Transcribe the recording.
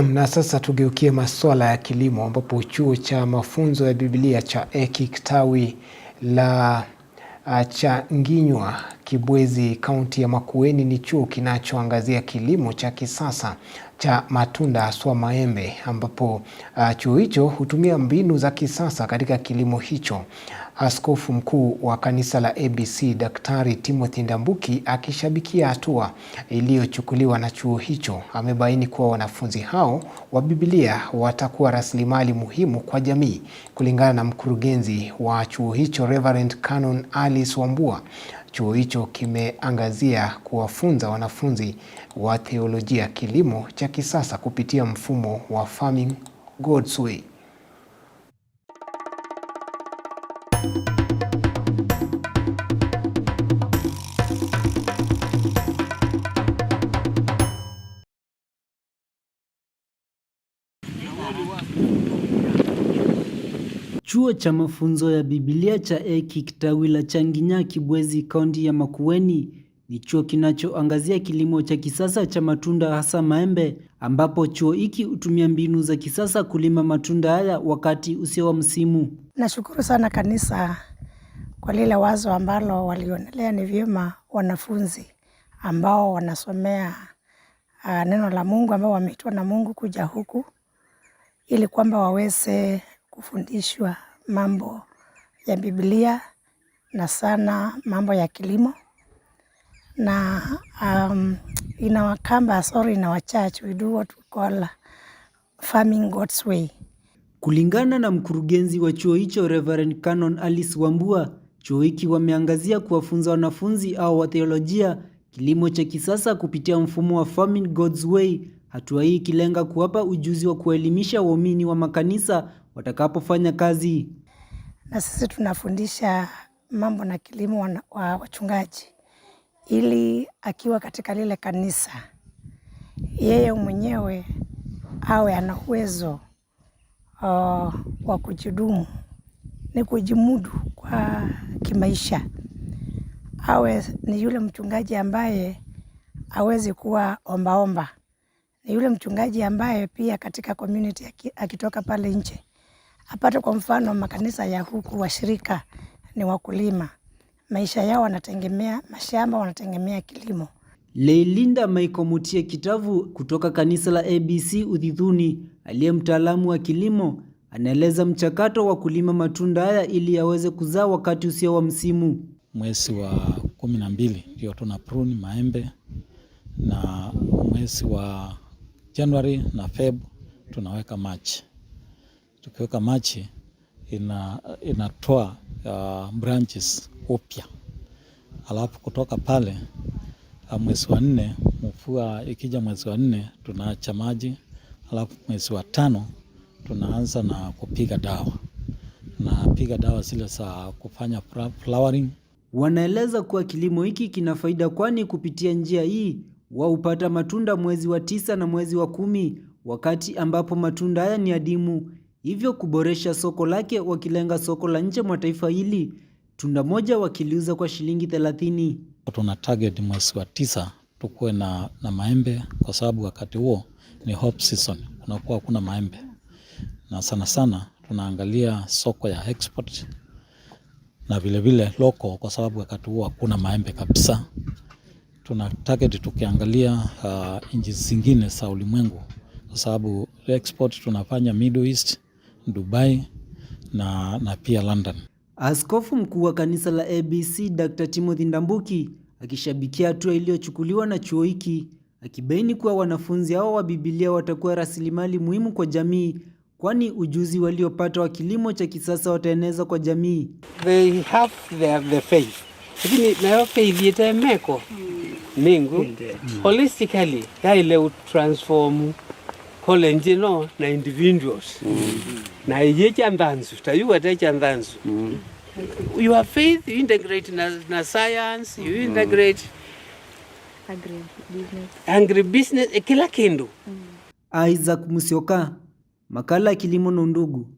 Na sasa tugeukie masuala ya kilimo ambapo chuo cha mafunzo ya Biblia cha EKIC tawi la cha Nginywa Kibwezi kaunti ya Makueni ni chuo kinachoangazia kilimo cha kisasa cha matunda haswa maembe, ambapo chuo hicho hutumia mbinu za kisasa katika kilimo hicho. Askofu mkuu wa kanisa la ABC Daktari Timothy Ndambuki akishabikia hatua iliyochukuliwa na chuo hicho amebaini kuwa wanafunzi hao wa Biblia watakuwa rasilimali muhimu kwa jamii. Kulingana na mkurugenzi wa chuo hicho Reverend Canon Alice Wambua, chuo hicho kimeangazia kuwafunza wanafunzi wa theolojia kilimo cha kisasa kupitia mfumo wa Farming God's Way. Kituo cha mafunzo ya Biblia cha EKIC tawi la Changinya Kibwezi kaunti ya Makueni ni chuo kinachoangazia kilimo cha kisasa cha matunda hasa maembe, ambapo chuo hiki hutumia mbinu za kisasa kulima matunda haya wakati usio wa msimu. Nashukuru sana kanisa kwa lile wazo ambalo walionelea ni vyema wanafunzi ambao wanasomea uh, neno la Mungu ambao wameitwa na Mungu kuja huku ili kwamba waweze kufundishwa mambo ya Biblia na sana mambo ya kilimo na um, in our Kamba, sorry, in our church, we do what we call uh, farming God's way. Kulingana na mkurugenzi wa chuo hicho Reverend Canon Alice Wambua, chuo hiki wameangazia kuwafunza wanafunzi au watheolojia kilimo cha kisasa kupitia mfumo wa farming God's way hatua hii ikilenga kuwapa ujuzi wa kuelimisha waumini wa makanisa watakapofanya kazi. Na sisi tunafundisha mambo na kilimo wa, wachungaji, ili akiwa katika lile kanisa yeye mwenyewe awe ana uwezo uh, wa kujidumu ni kujimudu kwa kimaisha, awe ni yule mchungaji ambaye awezi kuwa ombaomba omba na yule mchungaji ambaye pia katika community akitoka pale nje apate, kwa mfano makanisa ya huku washirika ni wakulima, maisha yao wanategemea mashamba, wanategemea kilimo. Leilinda Maikomutie Kitavu kutoka kanisa la ABC Udhidhuni, aliye mtaalamu wa kilimo, anaeleza mchakato wa kulima matunda haya ili yaweze kuzaa wakati usio wa msimu. Mwezi wa kumi na mbili ndio tuna pruni maembe na mwezi wa January na Feb tunaweka Machi. Tukiweka Machi ina, inatoa uh, branches upya, alafu kutoka pale uh, mwezi wa nne, mvua ikija mwezi wa nne tunaacha maji, alafu mwezi wa tano tunaanza na kupiga dawa napiga dawa zile za kufanya flowering. Wanaeleza kuwa kilimo hiki kina faida, kwani kupitia njia hii wa upata matunda mwezi wa tisa na mwezi wa kumi, wakati ambapo matunda haya ni adimu, hivyo kuboresha soko lake, wakilenga soko la nje mwa taifa hili. Tunda moja wakiliuza kwa shilingi thelathini. Tuna target mwezi wa tisa tukuwe na, na maembe kwa sababu wakati huo ni hop season, kunakuwa hakuna maembe na sana sana tunaangalia soko ya export na vilevile loko, kwa sababu wakati huo hakuna maembe kabisa tuna target tukiangalia uh, nchi zingine za ulimwengu, kwa sababu export tunafanya Middle East, Dubai na, na pia London. Askofu mkuu wa kanisa la ABC Dr. Timothy Ndambuki akishabikia hatua iliyochukuliwa na chuo hiki akibaini kuwa wanafunzi hao wa Biblia watakuwa rasilimali muhimu kwa jamii kwani ujuzi waliopata wa kilimo cha kisasa wataeneza kwa jamii. They have their, the faith. Lakini nayo faith itameko mingu mm. holistically yaile utransform college no na individuals mm. mm. na iye chanthanzu tayuwa te chanthanzu mm. your faith you integrate na, na science you mm. integrate mm. business agribusiness e kila kindu mm. Isaac Musyoka makala ya kilimo na Undugu